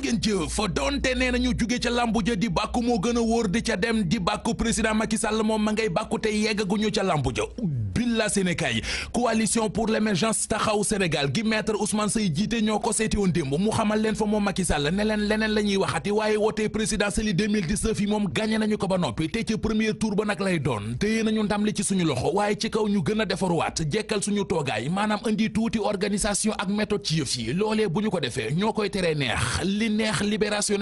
ngeen jëf donte nee nañu ñu ca lambu ja di bàkku moo gën a wóor di ca dem di bàkku président Macky Sall moom ma ngay bàkku te yeggaguñu ca lambu ja ubbil la Sénégal coalition pour l'émergence taxaw Sénégal gi maître Ousmane Seye jiite ñoo ko seeti woon démb mu xamal leen fa moom Macky Sall ne leneen la waxati waaye wootee présidentielle 2019 yi moom gagné nañu ko ba noppi te ci premier tour ba nag lay doon téye nañu ndam li ci suñu loxo waaye ci kaw ñu gën a defaruwaat jekkal suñu toogaay maanaam indi tuuti organisation ak méthode ci yëf yi loolee bu ñu ko defee ñoo koy teree neex li neex libération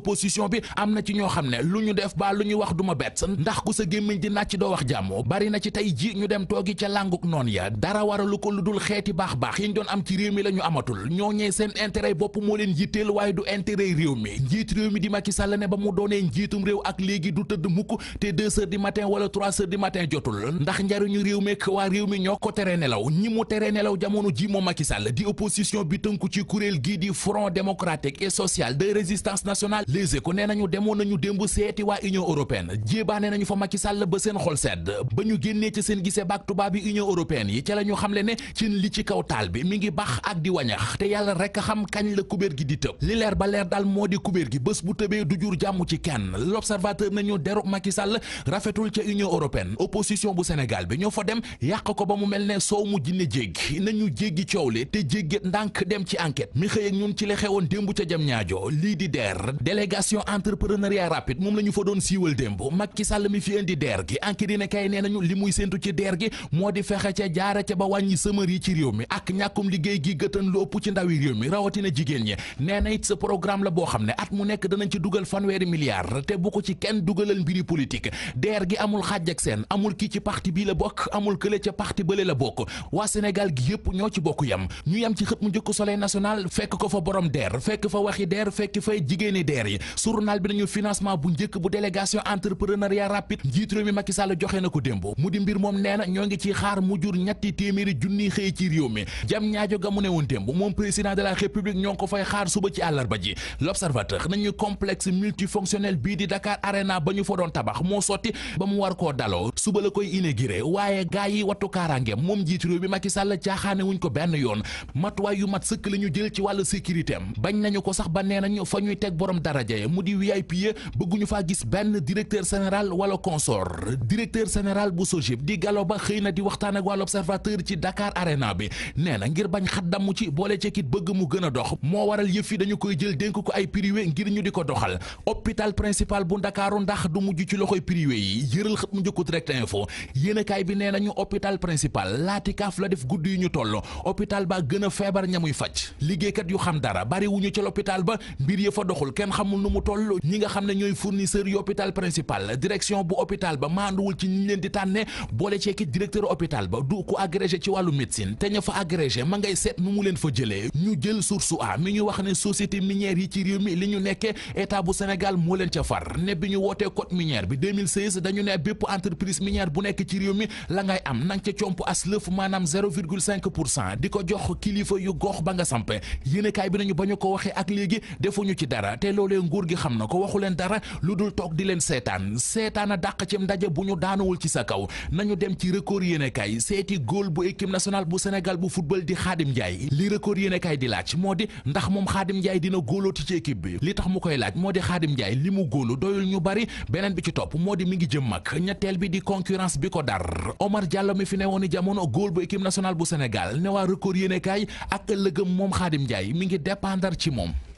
opposition bi am na ci ñoo xam ne lu ñu def ba lu ñu wax du ma bett ndax ku sa gémmiñ di nàcc doo wax jàmm bari na ci tey ji ñu dem toogi ca lànguk noon ya dara lu ko lu dul xeeti baax baax yi ñu doon am ci réew mi la ñu amatul ñoo ñee seen intérêt bopp moo leen yitteel waaye du intérêt réew mi njiit réew mi di Macky Sall ne ba mu doonee njiitum réew ak léegi du tëdd mukk te deux heures matin wala trois heures du matin jotul ndax njariñu réew meek waa réew mi ñoo ko tere nelaw ñi mu tere nelaw jamono ji moom Macky Sall di opposition bi tënku ci kuréel gii di Front démocratique social de résistance nationale Les ko nee nañu demoon nañu démb seeti waa Union européenne jéebaane nañu fa Macky Sall ba seen xol sedd ba ñu génnee ci seen gisee baak tubaab bi Union européenne yi ca la ñu xamle ne cin li ci kaw taal bi mi ngi baax ak di wañax te yàlla rek xam kañ la kubéer gi di tëb li leer ba leer daal moo di kubéer gi bés bu tëbee du jur jàmm ci kenn L'Observateur nañu deru Macky Sall rafetul ca Union européenne opposition bu Sénégal bi ñoo fa dem yàq ko ba mu mel ne soow mu jinne jéggi nañu jéggi coow li te jégget ndànk dem ci enquête mi xëy ak ci la xewoon démb ca jam ñaajo lii di deer délégation entrepreneuriat rapide moom la ñu fa doon siiwal démb Macky Sall mi fi indi deer gi enquête ne kay nee nañu li muy séntu ci deer gi moo di fexe ca jaare ca ba wàññi sëmër yi ci réew mi ak ñàkkum liggéey gi gëtan lu ëpp ci ndaw réew mi rawatina jigéen ñi nee na sa programme la boo xam ne at mu nekk danañ ci dugal fanweeri milliards te bu ko ci kenn dugalal mbiri politique deer gi amul xaaj ak seen amul kii ci parti bii la bokk amul kële ca parti bële la bokk waa Sénégal gi yëpp ñoo ci bokk yam ñu yam ci xët ko fa borom deer fekk yi journal bi nañu financement bu njëkk bu délégation entrepreneuriat rapide njiit réew mi Macky Sall joxe na ko démb mu di mbir moom nee ñoo ngi ci xaar mu jur ñetti téeméeri junni xëy ci réew mi jam ñaajo ga mu ne woon démb moom président de la république ñoo ko fay xaar suba ci àllarba ji l'observateur nañu complexe multifonctionnel bii di Dakar Arena ba ñu fa doon tabax moo sotti ba mu war koo daloo suba la koy inauguré waaye gaa yi wattu kaaraange daraja ya mu di VIP ya bëgguñu faa gis benn directeur sénéral wala consort directeur sénéral bu SOGIP di Gallo Ba xëy na di waxtaan ak waa l'Observateur ci Dakar Arena bi nee na ngir bañ xat damu ci boole cekit bëgg mu gën dox moo waral yëf yi dañu koy jël dénk ko ay privé ngir ñu di ko doxal opital principal bu Ndakaaru ndax du mujj ci loxoy privé yi yëral xët mu njëkku direct info yéenekaay bi nee ñu hôpital principal laati kaaf la def gudd yu ñu toll hôpital ba gën feebar ñamuy faj liggéeykat yu xam dara bari wuñu ci ba xamul nu mu toll ñi nga xam ne ñooy fournisseur yi principal direction bu hôpital ba maanduwul ci ñi leen di tànne boole ceeki directeur hôpital ba du ko agrégé ci wàllu médecine te ña fa agrégé ma ngay seet nu mu leen fa jëlee ñu jël source a mi ñu wax ne société minière yi ci réew mi li ñu nekkee état bu Sénégal moo leen ca far ne bi ñu wootee code minière bi 2016 dañu ne bépp entreprise minière bu nekk ci réew mi la ngay am nan ca comp as lëf maanaam 0,5 pour cent ko jox kilifa yu gox ba nga sampe yéenekaay bi nañu ba ñu ko waxee ak léegi defuñu ci dara nguur gi xam na ko waxu leen dara lu dul leen seetaan seetaan a dàq ci ndaje bu ñu daanuwul ci sa kaw nañu dem ci record yéene kay seeti góol bu équipe nationale bu Sénégal bu football di Khadim Ndiaye li record yéene kay di laaj moo di ndax moom Khadim Ndiaye dina góolooti ci équipe bi li tax mu koy laaj moo di Khadim Ndiaye li mu góolu doyul ñu bari beneen bi ci topp moo di mi ngi jëm mag ñetteel bi di concurrence bi ko dar Omar Diallo mi fi newoon jamono góol bu équipe nationale bu Sénégal ne waa record yéene kay ak ëllëgëm moom Khadim Ndiaye mi ngi dépendre ci moom